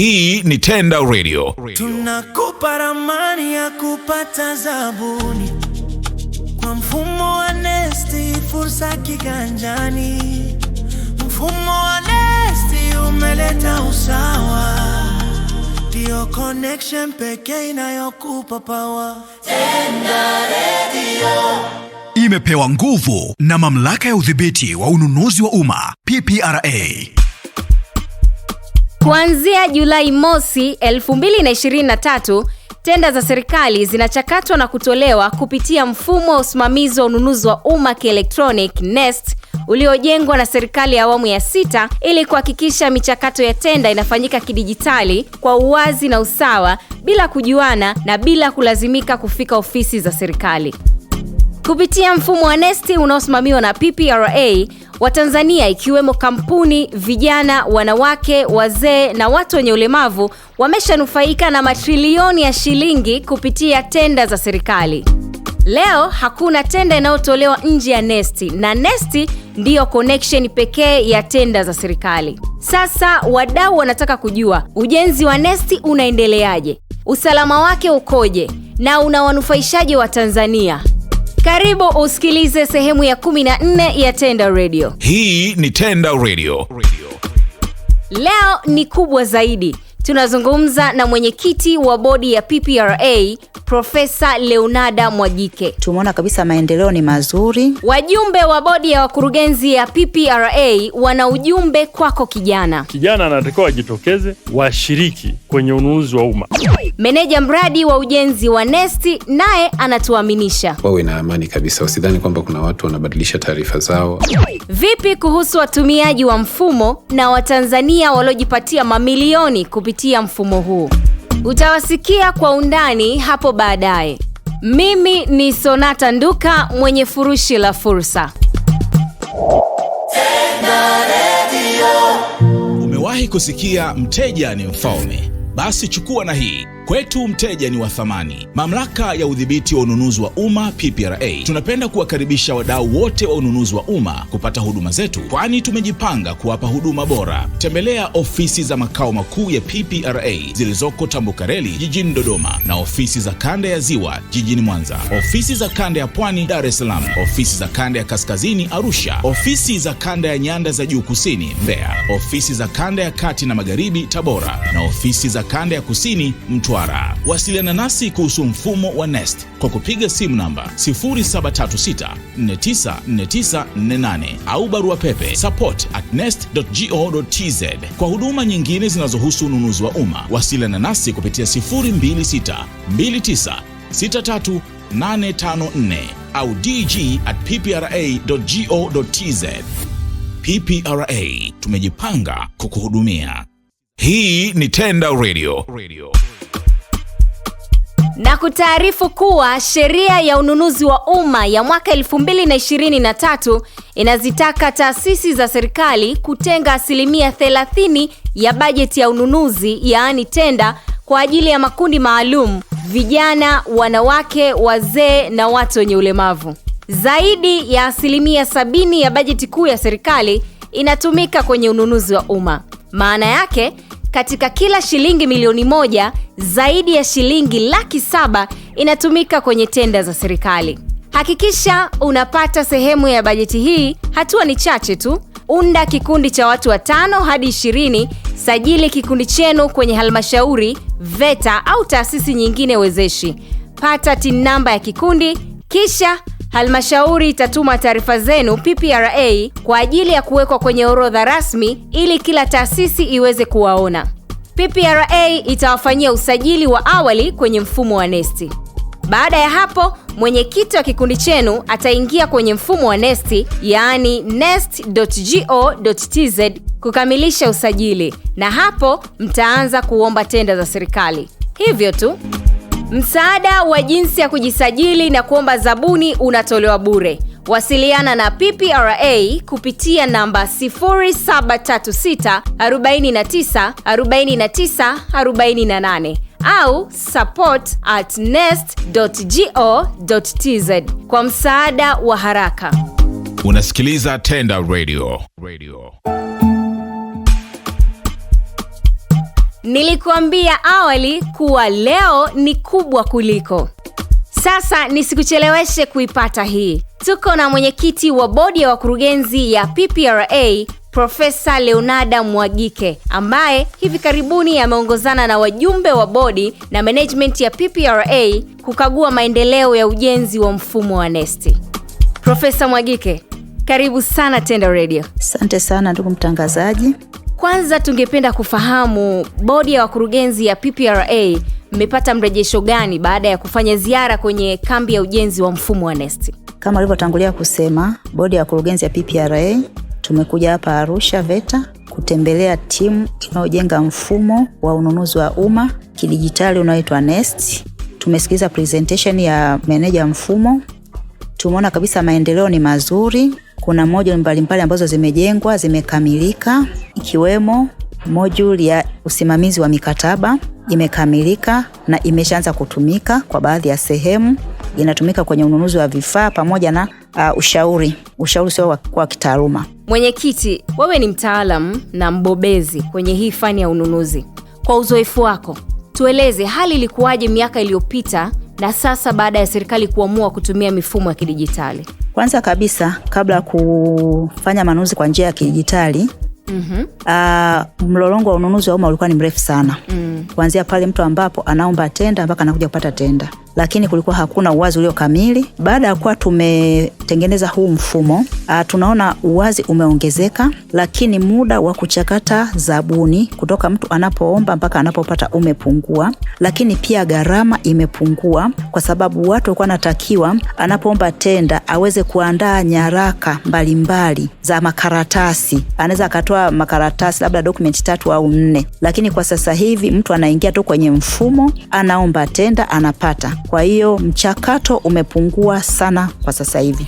Hii ni Tenda Radio. Tunakupa ramani ya kupata zabuni kwa mfumo wa Nesti, fursa kiganjani. Mfumo wa Nesti umeleta usawa, ndio connection pekee inayokupa pawa Tenda Radio imepewa nguvu na mamlaka ya udhibiti wa ununuzi wa umma PPRA. Kuanzia Julai mosi 2023, tenda za serikali zinachakatwa na kutolewa kupitia mfumo wa usimamizi wa ununuzi wa umma kielektronic NeST uliojengwa na serikali ya awamu ya sita ili kuhakikisha michakato ya tenda inafanyika kidijitali kwa uwazi na usawa bila kujuana na bila kulazimika kufika ofisi za serikali. Kupitia mfumo wa nesti unaosimamiwa na PPRA, Watanzania ikiwemo kampuni, vijana, wanawake, wazee na watu wenye ulemavu wameshanufaika na matrilioni ya shilingi kupitia tenda za serikali. Leo hakuna tenda inayotolewa nje ya nesti na nesti ndiyo connection pekee ya tenda za serikali. Sasa wadau wanataka kujua ujenzi wa nesti unaendeleaje, usalama wake ukoje na unawanufaishaje Watanzania? Karibu usikilize sehemu ya 14 ya Tenda Radio. Hii ni Tenda Radio. Leo ni kubwa zaidi. Tunazungumza na mwenyekiti wa bodi ya PPRA Profesa Leonada Mwajike. Tumeona kabisa maendeleo ni mazuri. Wajumbe wa bodi ya wakurugenzi ya PPRA wana ujumbe kwako kijana. Kijana anatakiwa wajitokeze, washiriki kwenye ununuzi wa umma. Meneja mradi wa ujenzi wa Nesti naye anatuaminisha wawe na amani kabisa, usidhani kwamba kuna watu wanabadilisha taarifa zao. Vipi kuhusu watumiaji wa mfumo na Watanzania waliojipatia mamilioni kupitia mfumo huu? Utawasikia kwa undani hapo baadaye. Mimi ni Sonata Nduka mwenye furushi la fursa. Umewahi kusikia mteja ni mfalme? Basi chukua na hii kwetu mteja ni wa thamani. Mamlaka ya udhibiti wa ununuzi wa umma PPRA, tunapenda kuwakaribisha wadau wote wa ununuzi wa umma kupata huduma zetu, kwani tumejipanga kuwapa huduma bora. Tembelea ofisi za makao makuu ya PPRA zilizoko Tambukareli jijini Dodoma na ofisi za kanda ya Ziwa jijini Mwanza, ofisi za kanda ya Pwani Dar es Salaam, ofisi za kanda ya Kaskazini Arusha, ofisi za kanda ya Nyanda za Juu Kusini Mbeya, ofisi za kanda ya Kati na Magharibi Tabora na ofisi za kanda ya Kusini Mtwara. Mtwara. Wasiliana nasi kuhusu mfumo wa NeST kwa kupiga simu namba 0736494948 au barua pepe support at nest.go.tz. Kwa huduma nyingine zinazohusu ununuzi wa umma wasiliana nasi kupitia 0262963854 au dg at ppra.go.tz. PPRA, tumejipanga kukuhudumia. Hii ni Tenda Radio. Radio na kutaarifu kuwa sheria ya ununuzi wa umma ya mwaka 2023 inazitaka taasisi za serikali kutenga asilimia 30 ya bajeti ya ununuzi yaani tenda kwa ajili ya makundi maalum: vijana, wanawake, wazee na watu wenye ulemavu. Zaidi ya asilimia sabini ya bajeti kuu ya serikali inatumika kwenye ununuzi wa umma. Maana yake katika kila shilingi milioni moja, zaidi ya shilingi laki saba inatumika kwenye tenda za serikali. Hakikisha unapata sehemu ya bajeti hii. Hatua ni chache tu. Unda kikundi cha watu watano hadi ishirini. Sajili kikundi chenu kwenye halmashauri, VETA au taasisi nyingine wezeshi. Pata TIN namba ya kikundi kisha Halmashauri itatuma taarifa zenu PPRA kwa ajili ya kuwekwa kwenye orodha rasmi ili kila taasisi iweze kuwaona. PPRA itawafanyia usajili wa awali kwenye mfumo wa nesti Baada ya hapo, mwenyekiti wa kikundi chenu ataingia kwenye mfumo wa nesti yaani nest.go.tz kukamilisha usajili, na hapo mtaanza kuomba tenda za serikali. Hivyo tu. Msaada wa jinsi ya kujisajili na kuomba zabuni unatolewa bure. Wasiliana na PPRA kupitia namba 0736 49 49 48 au support at nest.go.tz kwa msaada wa haraka. Unasikiliza Tenda Radio. Radio. Nilikuambia awali kuwa leo ni kubwa kuliko. Sasa nisikucheleweshe kuipata hii. Tuko na mwenyekiti wa bodi ya wakurugenzi ya PPRA Profesa Leonarda Mwagike ambaye hivi karibuni ameongozana na wajumbe wa bodi na management ya PPRA kukagua maendeleo ya ujenzi wa mfumo wa nesti Profesa Mwagike, karibu sana Tenda Radio. Asante sana ndugu mtangazaji. Kwanza tungependa kufahamu bodi ya wakurugenzi ya PPRA mmepata mrejesho gani baada ya kufanya ziara kwenye kambi ya ujenzi wa mfumo wa NeST? Kama ulivyotangulia kusema, bodi ya wakurugenzi ya PPRA tumekuja hapa Arusha VETA kutembelea timu inayojenga mfumo wa ununuzi wa umma kidijitali unaoitwa NeST. Tumesikiliza presentation ya meneja mfumo, tumeona kabisa maendeleo ni mazuri kuna moduli mbalimbali ambazo zimejengwa zimekamilika, ikiwemo moduli ya usimamizi wa mikataba imekamilika na imeshaanza kutumika kwa baadhi ya sehemu. Inatumika kwenye ununuzi wa vifaa pamoja na uh, ushauri ushauri sio wa kitaaluma. Mwenyekiti, wewe ni mtaalamu na mbobezi kwenye hii fani ya ununuzi. Kwa uzoefu wako, tueleze hali ilikuwaje miaka iliyopita na sasa baada ya serikali kuamua kutumia mifumo ya kidijitali? Kwanza kabisa kabla ya kufanya manunuzi kwa njia ya kidijitali Mm -hmm. Uh, mlolongo wa ununuzi wa umma ulikuwa ni mrefu sana mm. Kuanzia pale mtu ambapo anaomba tenda mpaka anakuja kupata tenda lakini kulikuwa hakuna uwazi ulio kamili. Baada ya kuwa tumetengeneza huu mfumo a, ah, tunaona uwazi umeongezeka, lakini muda wa kuchakata zabuni kutoka mtu anapoomba mpaka anapopata umepungua, lakini pia gharama imepungua, kwa sababu watu walikuwa anatakiwa anapoomba tenda aweze kuandaa nyaraka mbalimbali mbali za makaratasi, anaweza akatoa makaratasi labda dokumenti tatu au nne, lakini kwa sasa hivi mtu anaingia tu kwenye mfumo, anaomba tenda, anapata kwa hiyo mchakato umepungua sana kwa sasa hivi.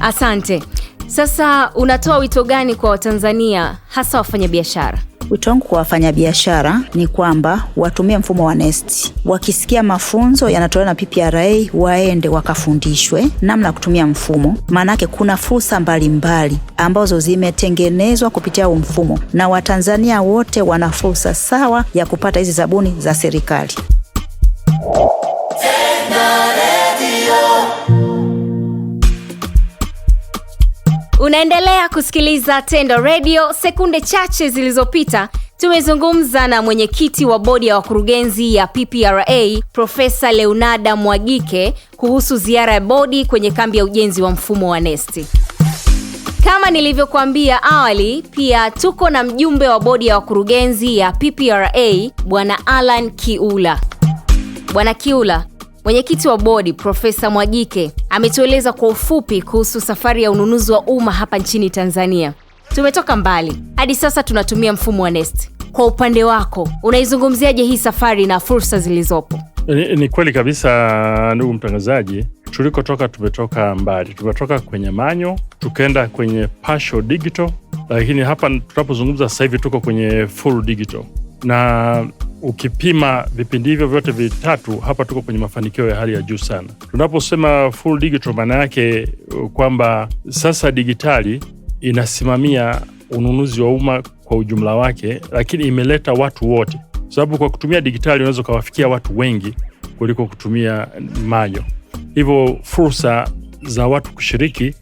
Asante. Sasa unatoa wito gani kwa Watanzania hasa wafanyabiashara? Wito wangu kwa wafanyabiashara ni kwamba watumie mfumo wa NeST. Wakisikia mafunzo yanatolewa na PPRA, waende wakafundishwe namna ya kutumia mfumo, maanake kuna fursa mbalimbali ambazo zimetengenezwa kupitia huu mfumo, na Watanzania wote wana fursa sawa ya kupata hizi zabuni za serikali. Unaendelea kusikiliza Tendo Radio. Sekunde chache zilizopita tumezungumza na mwenyekiti wa bodi ya wakurugenzi ya PPRA Profesa leonada Mwagike kuhusu ziara ya bodi kwenye kambi ya ujenzi wa mfumo wa nesti Kama nilivyokuambia awali, pia tuko na mjumbe wa bodi ya wakurugenzi ya PPRA Bwana Alan Kiula. Bwana Kiula, Mwenyekiti wa bodi Profesa Mwagike ametueleza kwa ufupi kuhusu safari ya ununuzi wa umma hapa nchini Tanzania. Tumetoka mbali, hadi sasa tunatumia mfumo wa NeST. Kwa upande wako, unaizungumziaje hii safari na fursa zilizopo? Ni, ni kweli kabisa ndugu mtangazaji, tulikotoka tumetoka mbali, tumetoka kwenye manyo tukaenda kwenye partial digital, lakini hapa tunapozungumza sasa hivi tuko kwenye full digital na ukipima vipindi hivyo vyote vitatu, hapa tuko kwenye mafanikio ya hali ya juu sana. Tunaposema full digital, maana yake uh, kwamba sasa digitali inasimamia ununuzi wa umma kwa ujumla wake, lakini imeleta watu wote, sababu kwa kutumia digitali unaweza ukawafikia watu wengi kuliko kutumia manyo. Hivyo fursa za watu kushiriki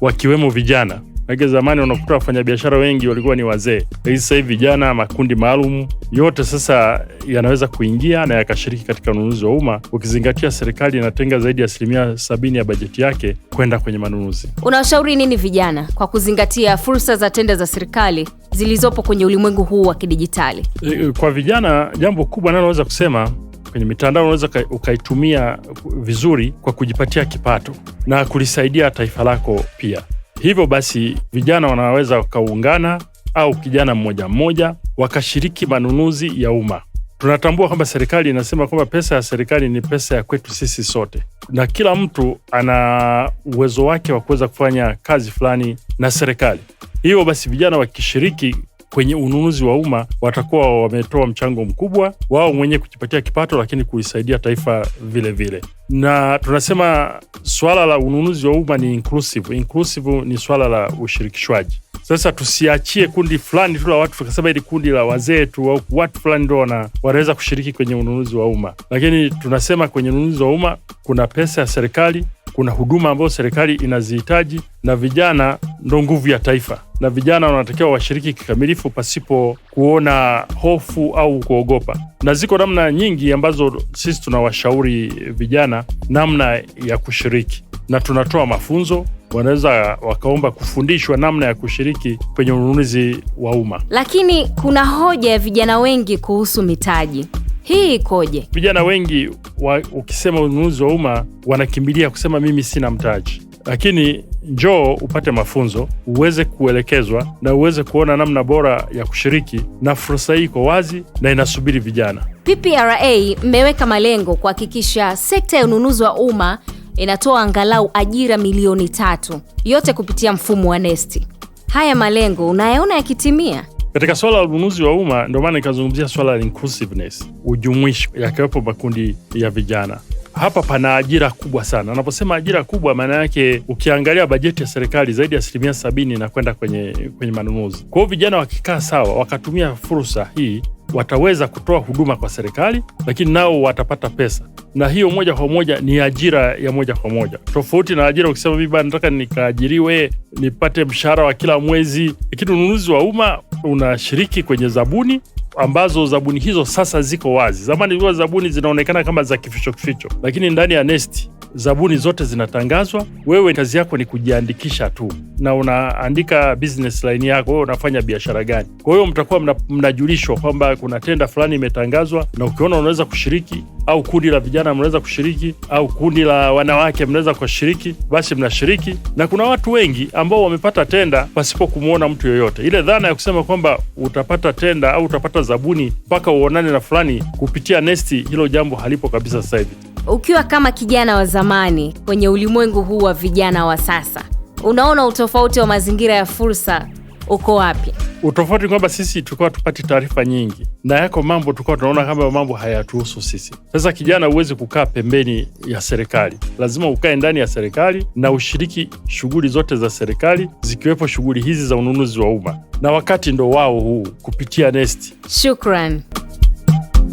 wakiwemo vijana Maanake zamani unakuta wafanyabiashara wengi walikuwa ni wazee, lakini sasa hivi vijana, makundi maalum yote sasa yanaweza kuingia na yakashiriki katika ununuzi wa umma, ukizingatia serikali inatenga zaidi ya asilimia sabini ya bajeti yake kwenda kwenye manunuzi. Unawashauri nini vijana kwa kuzingatia fursa za tenda za serikali zilizopo kwenye ulimwengu huu wa kidijitali? E, kwa vijana, jambo kubwa naloweza kusema kwenye mitandao unaweza ukaitumia vizuri kwa kujipatia kipato na kulisaidia taifa lako pia. Hivyo basi vijana wanaweza wakaungana au kijana mmoja mmoja wakashiriki manunuzi ya umma. Tunatambua kwamba serikali inasema kwamba pesa ya serikali ni pesa ya kwetu sisi sote, na kila mtu ana uwezo wake wa kuweza kufanya kazi fulani na serikali. Hivyo basi vijana wakishiriki kwenye ununuzi wa umma watakuwa wametoa mchango mkubwa wao mwenyewe kujipatia kipato, lakini kuisaidia taifa vile vile. Na tunasema swala la ununuzi wa umma ni inclusive. Inclusive ni swala la ushirikishwaji. Sasa tusiachie kundi fulani tu la watu tukasema ili kundi la wazee tu au watu fulani ndo wanaweza kushiriki kwenye ununuzi wa umma, lakini tunasema kwenye ununuzi wa umma kuna pesa ya serikali kuna huduma ambazo serikali inazihitaji, na vijana ndo nguvu ya taifa, na vijana wanatakiwa washiriki kikamilifu pasipo kuona hofu au kuogopa. Na ziko namna nyingi ambazo sisi tunawashauri vijana namna ya kushiriki, na tunatoa mafunzo wanaweza wakaomba kufundishwa namna ya kushiriki kwenye ununuzi wa umma. Lakini kuna hoja ya vijana wengi kuhusu mitaji. Hii ikoje? Vijana wengi wa, ukisema ununuzi wa umma wanakimbilia kusema mimi sina mtaji, lakini njoo upate mafunzo, uweze kuelekezwa na uweze kuona namna bora ya kushiriki, na fursa hii iko wazi na inasubiri vijana. PPRA mmeweka malengo kuhakikisha sekta ya ununuzi wa umma inatoa angalau ajira milioni tatu, yote kupitia mfumo wa NeST. Haya malengo unayaona yakitimia? Katika swala la ununuzi wa umma, ndio maana ikazungumzia swala la inclusiveness, ujumuishi, yakiwepo makundi ya vijana hapa pana ajira kubwa sana. anaposema ajira kubwa, maana yake ukiangalia bajeti ya serikali zaidi ya asilimia sabini inakwenda kwenye, kwenye manunuzi. Kwa hiyo vijana wakikaa sawa, wakatumia fursa hii, wataweza kutoa huduma kwa serikali, lakini nao watapata pesa na hiyo moja kwa moja ni ajira ya moja kwa moja, tofauti na ajira ukisema mimi nataka nikaajiriwe nipate mshahara wa kila mwezi. Lakini ununuzi wa umma unashiriki kwenye zabuni ambazo zabuni hizo sasa ziko wazi. Zamani ilikuwa zabuni zinaonekana kama za kificho kificho, lakini ndani ya NeST zabuni zote zinatangazwa. Wewe kazi yako ni kujiandikisha tu, na unaandika business line yako, wewe unafanya biashara gani. Kwa hiyo mtakuwa mnajulishwa mna kwamba kuna tenda fulani imetangazwa, na ukiona unaweza kushiriki au kundi la vijana mnaweza kushiriki, au kundi la wanawake mnaweza kushiriki, basi mnashiriki. Na kuna watu wengi ambao wamepata tenda pasipo kumwona mtu yoyote. Ile dhana ya kusema kwamba utapata tenda au utapata zabuni mpaka uonane na fulani kupitia nesti, hilo jambo halipo kabisa sasa hivi. Ukiwa kama kijana wa zamani kwenye ulimwengu huu wa vijana wa sasa, unaona utofauti wa mazingira ya fursa uko wapi? Utofauti kwamba sisi tulikuwa tupati taarifa nyingi, na yako mambo tulikuwa tunaona kama mambo hayatuhusu sisi. Sasa kijana, huwezi kukaa pembeni ya serikali, lazima ukae ndani ya serikali na ushiriki shughuli zote za serikali, zikiwepo shughuli hizi za ununuzi wa umma, na wakati ndo wao huu kupitia Nesti. Shukran.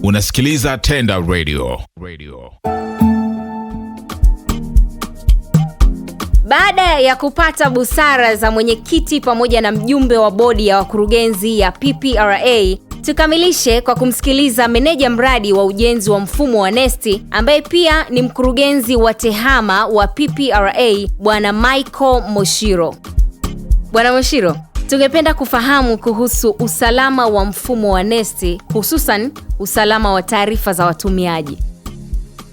Unasikiliza Tenda Radio. Radio. Baada ya kupata busara za mwenyekiti pamoja na mjumbe wa bodi ya wakurugenzi ya PPRA, tukamilishe kwa kumsikiliza meneja mradi wa ujenzi wa mfumo wa nesti ambaye pia ni mkurugenzi wa TEHAMA wa PPRA, Bwana Michael Moshiro. Bwana Moshiro, tungependa kufahamu kuhusu usalama wa mfumo wa nesti hususan usalama wa taarifa za watumiaji.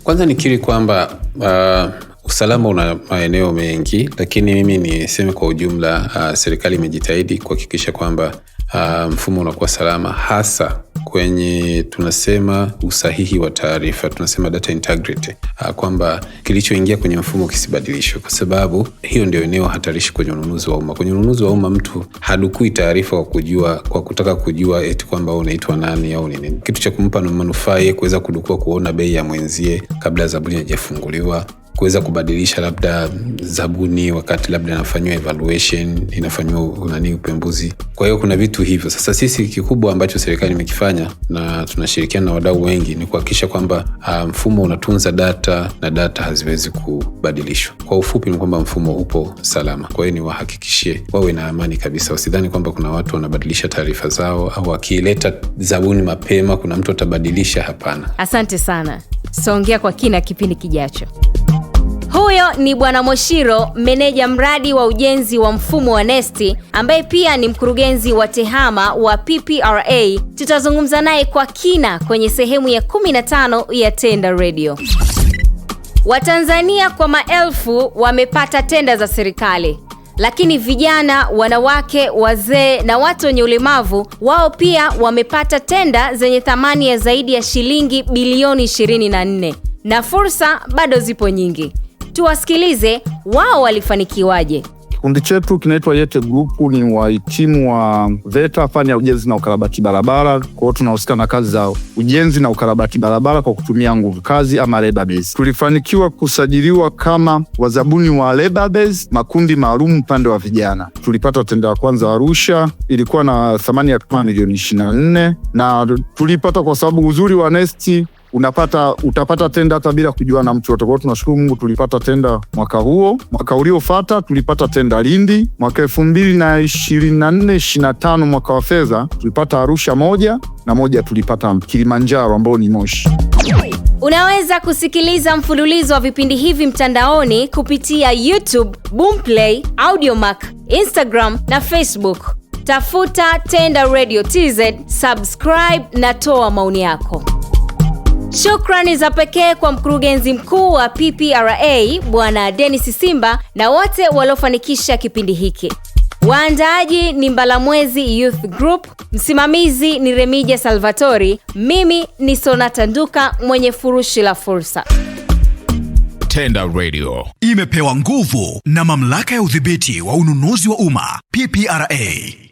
Kwanza nikiri kwamba uh Usalama una maeneo mengi, lakini mimi niseme kwa ujumla, uh, serikali imejitahidi kuhakikisha kwamba uh, mfumo unakuwa salama, hasa kwenye tunasema usahihi wa taarifa, tunasema data integrity, uh, kwamba kilichoingia kwenye mfumo kisibadilishwe, kwa sababu hiyo ndio eneo hatarishi kwenye ununuzi wa umma. Kwenye ununuzi wa umma mtu hadukui taarifa kwa kujua, kwa kutaka kujua eti kwamba unaitwa nani au ni nini. Kitu cha kumpa manufaa yeye kuweza kudukua, kuona bei ya mwenzie kabla zabuni haijafunguliwa kuweza kubadilisha labda zabuni wakati labda inafanyiwa evaluation inafanyiwa nani upembuzi kwa hiyo kuna vitu hivyo sasa sisi kikubwa ambacho serikali imekifanya na tunashirikiana na wadau wengi ni kuhakikisha kwamba ah, mfumo unatunza data na data haziwezi kubadilishwa kwa ufupi ni kwamba mfumo upo salama kwa hiyo niwahakikishie wawe na amani kabisa wasidhani kwamba kuna watu wanabadilisha taarifa zao au wakileta zabuni mapema kuna mtu atabadilisha hapana asante sana songea kwa kina kipindi kijacho huyo ni Bwana Moshiro, meneja mradi wa ujenzi wa mfumo wa Nesti ambaye pia ni mkurugenzi wa TEHAMA wa PPRA. Tutazungumza naye kwa kina kwenye sehemu ya 15 ya Tenda Radio. Watanzania kwa maelfu wamepata tenda za serikali. Lakini vijana, wanawake, wazee na watu wenye ulemavu wao pia wamepata tenda zenye thamani ya zaidi ya shilingi bilioni 24 na fursa bado zipo nyingi. Tuwasikilize wao walifanikiwaje. Kikundi chetu kinaitwa Yete Group, ni wahitimu wa VETA fani ya ujenzi na ukarabati barabara. Kwa hiyo tunahusika na kazi za ujenzi na ukarabati barabara kwa kutumia nguvu kazi ama labor base. Tulifanikiwa kusajiliwa kama wazabuni wa labor base, makundi maalum upande wa vijana. Tulipata tenda ya kwanza Arusha, ilikuwa na thamani ya kama milioni 24 na tulipata kwa sababu uzuri wa nesti unapata utapata tenda hata bila kujua na mtu yote. Kwa hiyo tunashukuru Mungu tulipata tenda mwaka huo. Mwaka uliofuata tulipata tenda Lindi, mwaka elfu mbili na ishirini na nne ishirini na tano mwaka wa fedha tulipata Arusha moja na moja tulipata Kilimanjaro ambao ni Moshi. Unaweza kusikiliza mfululizo wa vipindi hivi mtandaoni kupitia YouTube, Boomplay, Audiomack, Instagram na Facebook. Tafuta Tenda Radio TZ, subscribe na toa maoni yako. Shukrani za pekee kwa mkurugenzi mkuu wa PPRA Bwana Dennis Simba na wote waliofanikisha kipindi hiki. Waandaaji ni Mbalamwezi Youth Group, msimamizi ni Remija Salvatori, mimi ni Sonata Nduka mwenye furushi la fursa. Tenda Radio imepewa nguvu na Mamlaka ya Udhibiti wa Ununuzi wa Umma PPRA.